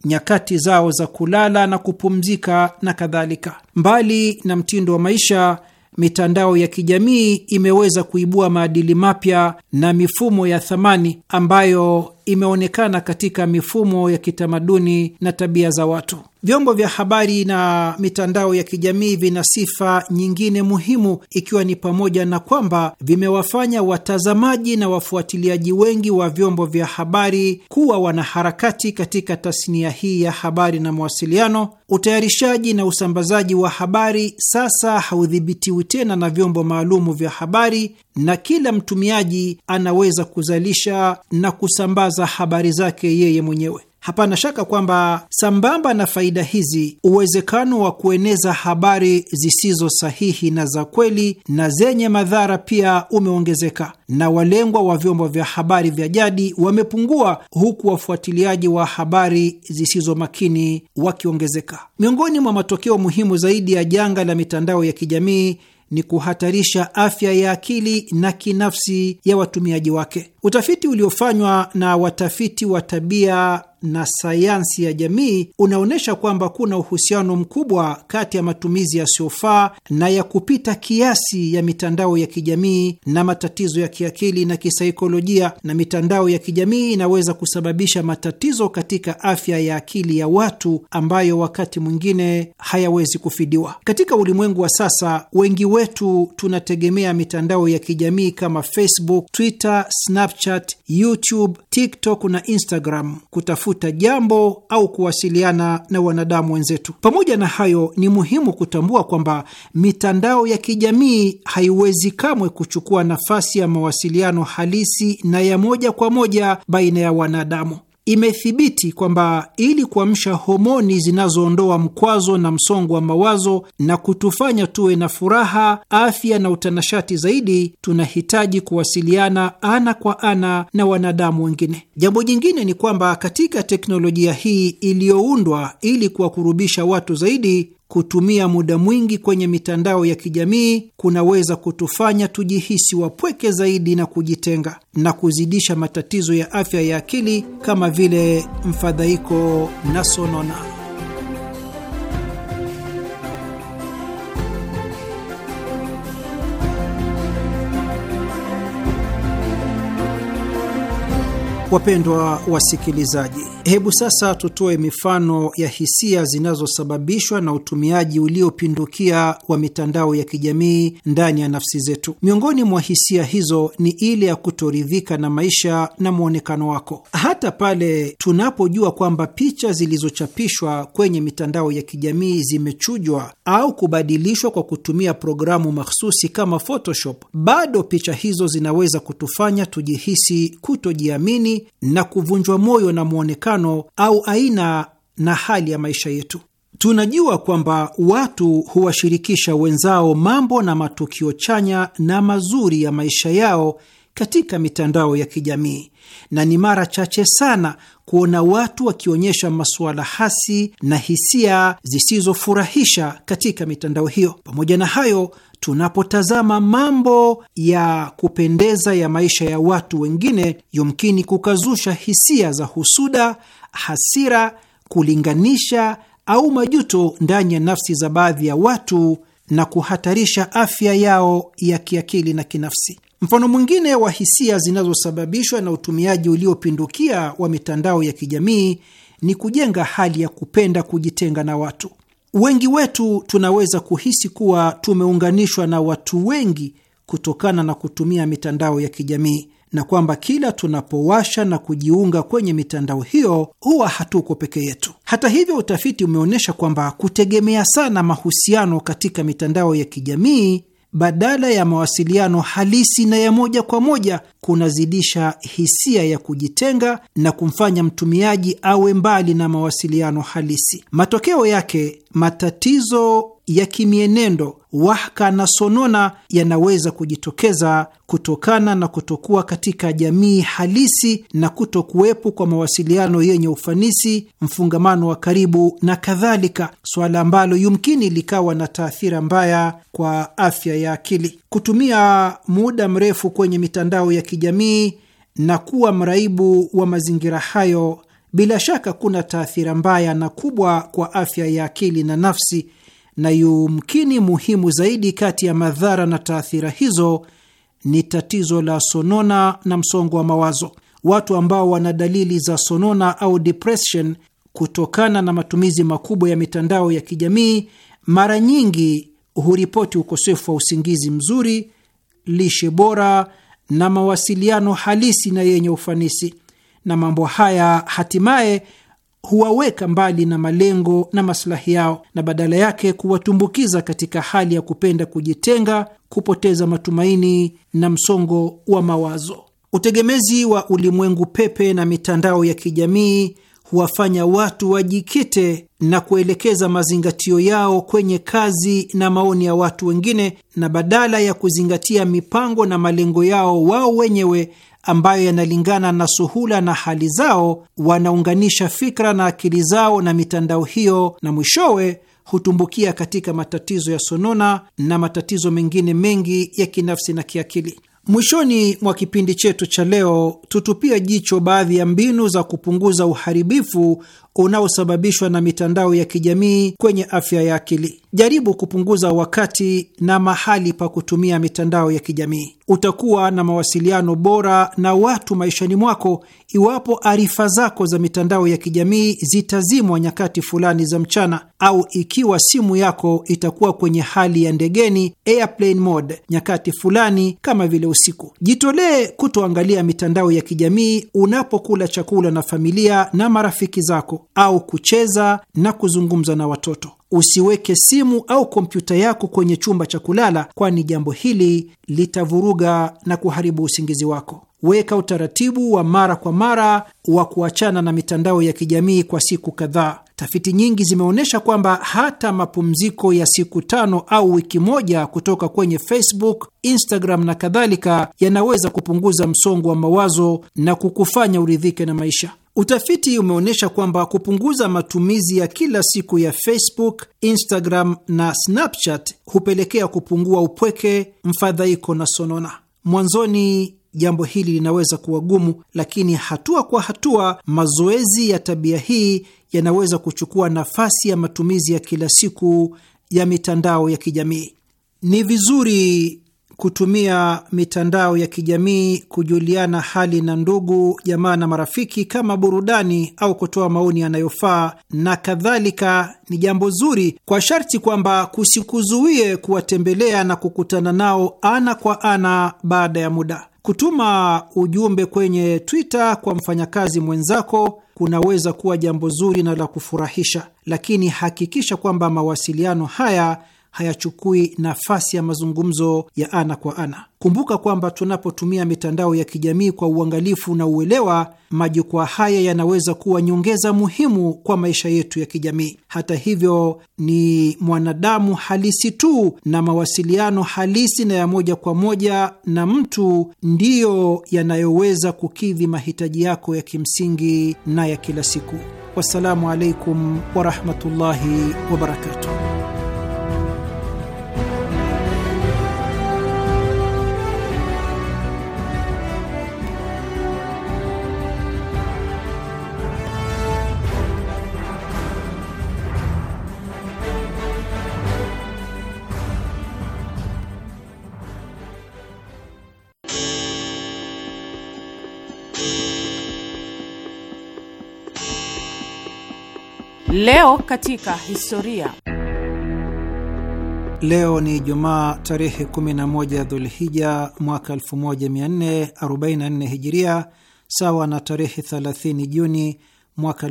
nyakati zao za kulala na kupumzika na kadhalika. Mbali na mtindo wa maisha, mitandao ya kijamii imeweza kuibua maadili mapya na mifumo ya thamani ambayo imeonekana katika mifumo ya kitamaduni na tabia za watu. Vyombo vya habari na mitandao ya kijamii vina sifa nyingine muhimu, ikiwa ni pamoja na kwamba vimewafanya watazamaji na wafuatiliaji wengi wa vyombo vya habari kuwa wanaharakati katika tasnia hii ya habari na mawasiliano. Utayarishaji na usambazaji wa habari sasa haudhibitiwi tena na vyombo maalumu vya habari, na kila mtumiaji anaweza kuzalisha na kusambaza kutangaza habari zake yeye mwenyewe. Hapana shaka kwamba sambamba na faida hizi, uwezekano wa kueneza habari zisizo sahihi na za kweli na zenye madhara pia umeongezeka, na walengwa wa vyombo vya habari vya jadi wamepungua, huku wafuatiliaji wa habari zisizo makini wakiongezeka. Miongoni mwa matokeo muhimu zaidi ya janga la mitandao ya kijamii ni kuhatarisha afya ya akili na kinafsi ya watumiaji wake. Utafiti uliofanywa na watafiti wa tabia na sayansi ya jamii unaonyesha kwamba kuna uhusiano mkubwa kati ya matumizi yasiyofaa na ya kupita kiasi ya mitandao ya kijamii na matatizo ya kiakili na kisaikolojia. Na mitandao ya kijamii inaweza kusababisha matatizo katika afya ya akili ya watu ambayo wakati mwingine hayawezi kufidiwa. Katika ulimwengu wa sasa, wengi wetu tunategemea mitandao ya kijamii kama Facebook, Twitter, Snapchat Snapchat, YouTube, TikTok na Instagram kutafuta jambo au kuwasiliana na wanadamu wenzetu. Pamoja na hayo, ni muhimu kutambua kwamba mitandao ya kijamii haiwezi kamwe kuchukua nafasi ya mawasiliano halisi na ya moja kwa moja baina ya wanadamu imethibiti kwamba ili kuamsha homoni zinazoondoa mkwazo na msongo wa mawazo na kutufanya tuwe na furaha, afya na utanashati zaidi, tunahitaji kuwasiliana ana kwa ana na wanadamu wengine. Jambo jingine ni kwamba katika teknolojia hii iliyoundwa ili kuwakurubisha watu zaidi kutumia muda mwingi kwenye mitandao ya kijamii kunaweza kutufanya tujihisi wapweke zaidi na kujitenga na kuzidisha matatizo ya afya ya akili kama vile mfadhaiko na sonona. Wapendwa wasikilizaji, hebu sasa tutoe mifano ya hisia zinazosababishwa na utumiaji uliopindukia wa mitandao ya kijamii ndani ya nafsi zetu. Miongoni mwa hisia hizo ni ile ya kutoridhika na maisha na mwonekano wako, hata pale tunapojua kwamba picha zilizochapishwa kwenye mitandao ya kijamii zimechujwa au kubadilishwa kwa kutumia programu mahsusi kama Photoshop, bado picha hizo zinaweza kutufanya tujihisi kutojiamini na kuvunjwa moyo na mwonekano au aina na hali ya maisha yetu. Tunajua kwamba watu huwashirikisha wenzao mambo na matukio chanya na mazuri ya maisha yao katika mitandao ya kijamii, na ni mara chache sana kuona watu wakionyesha masuala hasi na hisia zisizofurahisha katika mitandao hiyo. Pamoja na hayo tunapotazama mambo ya kupendeza ya maisha ya watu wengine, yumkini kukazusha hisia za husuda, hasira, kulinganisha au majuto ndani ya nafsi za baadhi ya watu na kuhatarisha afya yao ya kiakili na kinafsi. Mfano mwingine wa hisia zinazosababishwa na utumiaji uliopindukia wa mitandao ya kijamii ni kujenga hali ya kupenda kujitenga na watu. Wengi wetu tunaweza kuhisi kuwa tumeunganishwa na watu wengi kutokana na kutumia mitandao ya kijamii na kwamba kila tunapowasha na kujiunga kwenye mitandao hiyo huwa hatuko peke yetu. Hata hivyo, utafiti umeonyesha kwamba kutegemea sana mahusiano katika mitandao ya kijamii badala ya mawasiliano halisi na ya moja kwa moja kunazidisha hisia ya kujitenga na kumfanya mtumiaji awe mbali na mawasiliano halisi. Matokeo yake matatizo ya kimienendo, wahka na sonona yanaweza kujitokeza kutokana na kutokuwa katika jamii halisi na kutokuwepo kwa mawasiliano yenye ufanisi, mfungamano wa karibu na kadhalika, suala ambalo yumkini likawa na taathira mbaya kwa afya ya akili. Kutumia muda mrefu kwenye mitandao ya kijamii na kuwa mraibu wa mazingira hayo bila shaka kuna taathira mbaya na kubwa kwa afya ya akili na nafsi na yumkini muhimu zaidi kati ya madhara na taathira hizo ni tatizo la sonona na msongo wa mawazo. Watu ambao wana dalili za sonona au depression kutokana na matumizi makubwa ya mitandao ya kijamii mara nyingi huripoti ukosefu wa usingizi mzuri, lishe bora na mawasiliano halisi na yenye ufanisi, na mambo haya hatimaye huwaweka mbali na malengo na masilahi yao na badala yake kuwatumbukiza katika hali ya kupenda kujitenga, kupoteza matumaini na msongo wa mawazo. Utegemezi wa ulimwengu pepe na mitandao ya kijamii huwafanya watu wajikite na kuelekeza mazingatio yao kwenye kazi na maoni ya watu wengine na badala ya kuzingatia mipango na malengo yao wao wenyewe ambayo yanalingana na suhula na hali zao, wanaunganisha fikra na akili zao na mitandao hiyo, na mwishowe hutumbukia katika matatizo ya sonona na matatizo mengine mengi ya kinafsi na kiakili. Mwishoni mwa kipindi chetu cha leo, tutupia jicho baadhi ya mbinu za kupunguza uharibifu unaosababishwa na mitandao ya kijamii kwenye afya ya akili. Jaribu kupunguza wakati na mahali pa kutumia mitandao ya kijamii. Utakuwa na mawasiliano bora na watu maishani mwako iwapo arifa zako za mitandao ya kijamii zitazimwa nyakati fulani za mchana, au ikiwa simu yako itakuwa kwenye hali ya ndegeni, airplane mode, nyakati fulani kama vile usiku. Jitolee kutoangalia mitandao ya kijamii unapokula chakula na familia na marafiki zako au kucheza na kuzungumza na watoto. Usiweke simu au kompyuta yako kwenye chumba cha kulala, kwani jambo hili litavuruga na kuharibu usingizi wako. Weka utaratibu wa mara kwa mara wa kuachana na mitandao ya kijamii kwa siku kadhaa. Tafiti nyingi zimeonyesha kwamba hata mapumziko ya siku tano au wiki moja kutoka kwenye Facebook, Instagram na kadhalika yanaweza kupunguza msongo wa mawazo na kukufanya uridhike na maisha. Utafiti umeonyesha kwamba kupunguza matumizi ya kila siku ya Facebook, Instagram na Snapchat hupelekea kupungua upweke, mfadhaiko na sonona. Mwanzoni jambo hili linaweza kuwa gumu, lakini hatua kwa hatua mazoezi ya tabia hii yanaweza kuchukua nafasi ya matumizi ya kila siku ya mitandao ya kijamii. Ni vizuri kutumia mitandao ya kijamii kujuliana hali na ndugu jamaa na marafiki kama burudani au kutoa maoni yanayofaa na kadhalika, ni jambo zuri kwa sharti kwamba kusikuzuie kuwatembelea na kukutana nao ana kwa ana baada ya muda. Kutuma ujumbe kwenye Twitter kwa mfanyakazi mwenzako kunaweza kuwa jambo zuri na la kufurahisha, lakini hakikisha kwamba mawasiliano haya hayachukui nafasi ya mazungumzo ya ana kwa ana. Kumbuka kwamba tunapotumia mitandao ya kijamii kwa uangalifu na uelewa, majukwaa haya yanaweza kuwa nyongeza muhimu kwa maisha yetu ya kijamii. Hata hivyo, ni mwanadamu halisi tu na mawasiliano halisi na ya moja kwa moja na mtu ndiyo yanayoweza kukidhi mahitaji yako ya kimsingi na ya kila siku. Wassalamu alaikum warahmatullahi wabarakatuh. Leo katika historia. Leo ni Jumaa tarehe 11 Dhulhija mwaka 1444 hijiria sawa na tarehe 30 Juni mwaka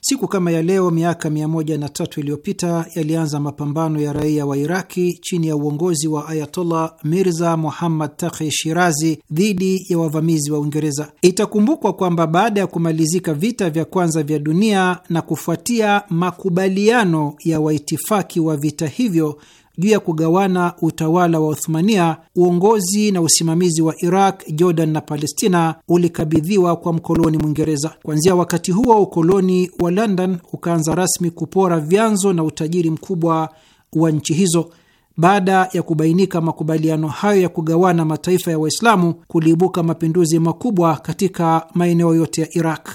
Siku kama ya leo miaka 13 iliyopita yalianza mapambano ya raia wa Iraki chini ya uongozi wa Ayatollah Mirza Muhammad Taqi Shirazi dhidi ya wavamizi wa Uingereza. Itakumbukwa kwamba baada ya kumalizika vita vya kwanza vya dunia na kufuatia makubaliano ya waitifaki wa vita hivyo juu ya kugawana utawala wa Uthmania, uongozi na usimamizi wa Iraq, Jordan na Palestina ulikabidhiwa kwa mkoloni Mwingereza. Kuanzia wakati huo, ukoloni wa London ukaanza rasmi kupora vyanzo na utajiri mkubwa wa nchi hizo. Baada ya kubainika makubaliano hayo ya kugawana mataifa ya Waislamu, kuliibuka mapinduzi makubwa katika maeneo yote ya Iraq.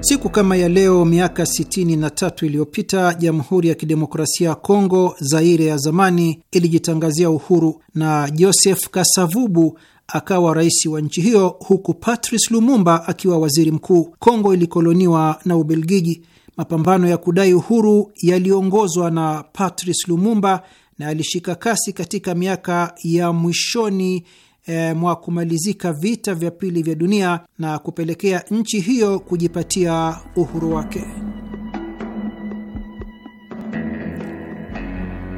Siku kama ya leo miaka 63 iliyopita Jamhuri ya Kidemokrasia ya Kongo, Zaire ya zamani, ilijitangazia uhuru na Joseph Kasavubu akawa rais wa nchi hiyo, huku Patrice Lumumba akiwa waziri mkuu. Kongo ilikoloniwa na Ubelgiji. Mapambano ya kudai uhuru yaliongozwa na Patrice Lumumba na yalishika kasi katika miaka ya mwishoni e, mwa kumalizika vita vya pili vya dunia na kupelekea nchi hiyo kujipatia uhuru wake.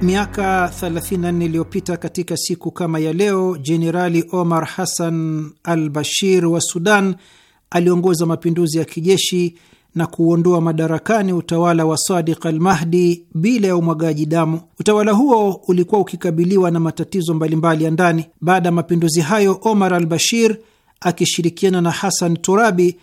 Miaka 34 iliyopita katika siku kama ya leo, Jenerali Omar Hassan al Bashir wa Sudan aliongoza mapinduzi ya kijeshi na kuuondoa madarakani utawala wa Sadiq al-Mahdi bila ya umwagaji damu. Utawala huo ulikuwa ukikabiliwa na matatizo mbalimbali ya ndani. Baada ya mapinduzi hayo, Omar al-Bashir akishirikiana na Hassan Turabi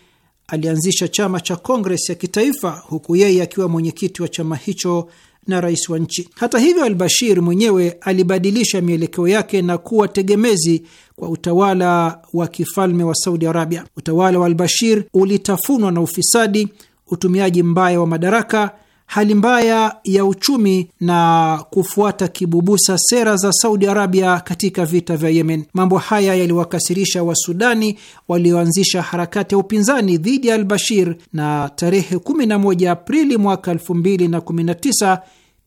alianzisha chama cha Kongres ya Kitaifa, huku yeye akiwa mwenyekiti wa chama hicho na rais wa nchi. Hata hivyo, al-Bashir mwenyewe alibadilisha mielekeo yake na kuwa tegemezi kwa utawala wa kifalme wa Saudi Arabia. Utawala wa al-Bashir ulitafunwa na ufisadi, utumiaji mbaya wa madaraka, hali mbaya ya uchumi na kufuata kibubusa sera za Saudi Arabia katika vita vya Yemen. Mambo haya yaliwakasirisha Wasudani walioanzisha harakati ya upinzani dhidi ya al-Bashir, na tarehe 11 Aprili mwaka 2019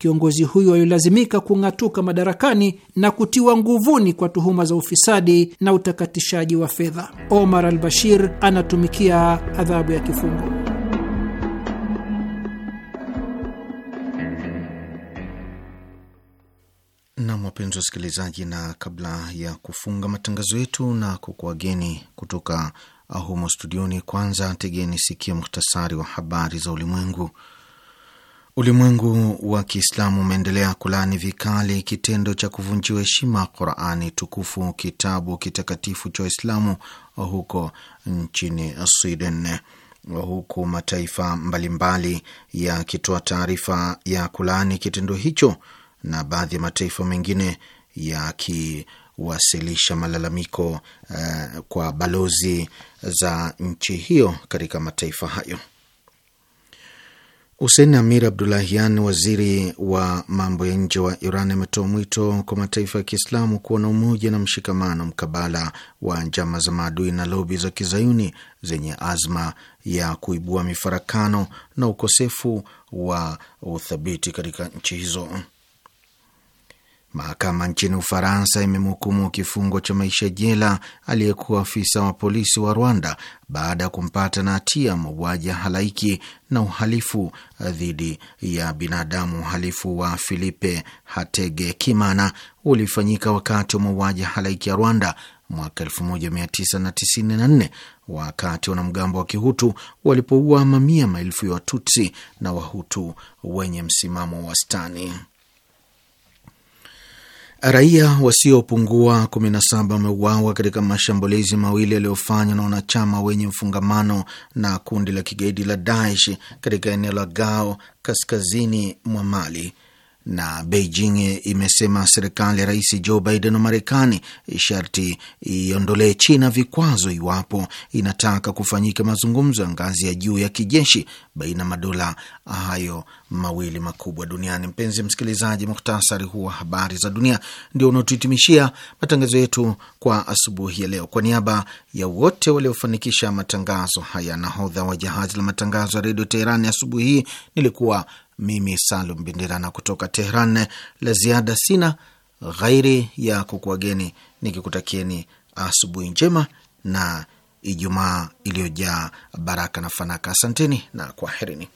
kiongozi huyo alilazimika kung'atuka madarakani na kutiwa nguvuni kwa tuhuma za ufisadi na utakatishaji wa fedha. Omar al Bashir anatumikia adhabu ya kifungo. Nam, wapenzi wasikilizaji, na kabla ya kufunga matangazo yetu na kukuageni kutoka humo studioni, kwanza tegeni sikia muhtasari wa habari za ulimwengu. Ulimwengu wa Kiislamu umeendelea kulaani vikali kitendo cha kuvunjiwa heshima Qurani tukufu, kitabu kitakatifu cha Waislamu, huko nchini Sweden, huku mataifa mbalimbali yakitoa taarifa ya kulaani kitendo hicho na baadhi ya mataifa mengine yakiwasilisha malalamiko uh, kwa balozi za nchi hiyo katika mataifa hayo. Hussein Amir Abdulahian, waziri wa mambo ya nje wa Iran, ametoa mwito kwa mataifa ya Kiislamu kuwa na umoja na mshikamano mkabala wa njama za maadui na lobi za kizayuni zenye azma ya kuibua mifarakano na ukosefu wa uthabiti katika nchi hizo. Mahakama nchini Ufaransa imemhukumu kifungo cha maisha jela aliyekuwa afisa wa polisi wa Rwanda baada ya kumpata na hatia mauaji ya halaiki na uhalifu eh, dhidi ya binadamu. Uhalifu wa filipe Hatege Kimana ulifanyika wakati wa mauaji ya halaiki ya Rwanda mwaka 1994 wakati wanamgambo wa Kihutu walipoua mamia maelfu ya Watutsi na Wahutu wenye msimamo wa wastani. Raia wasiopungua 17 wameuawa katika mashambulizi mawili yaliyofanywa na wanachama wenye mfungamano na kundi la kigaidi la Daesh katika eneo la Gao kaskazini mwa Mali na Beijing imesema serikali ya rais Joe Biden wa Marekani sharti iondolee China vikwazo iwapo inataka kufanyika mazungumzo ya ngazi ya juu ya kijeshi baina madola hayo mawili makubwa duniani. Mpenzi msikilizaji, muhtasari huu wa habari za dunia ndio unaotuhitimishia matangazo yetu kwa asubuhi ya leo. Kwa niaba ya wote waliofanikisha matangazo haya, nahodha wa jahazi la matangazo ya redio Teherani asubuhi hii nilikuwa mimi Salum Bindirana kutoka Tehran. La ziada sina ghairi ya kukuageni nikikutakieni asubuhi njema na Ijumaa iliyojaa baraka na fanaka. Asanteni na kwaherini.